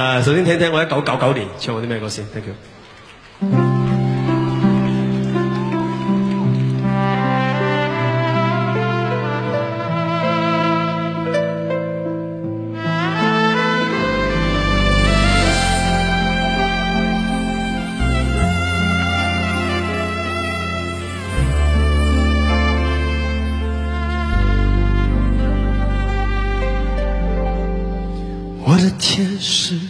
誒，首先聽聽我一九九九年唱過啲咩歌先，thank you。我的天使。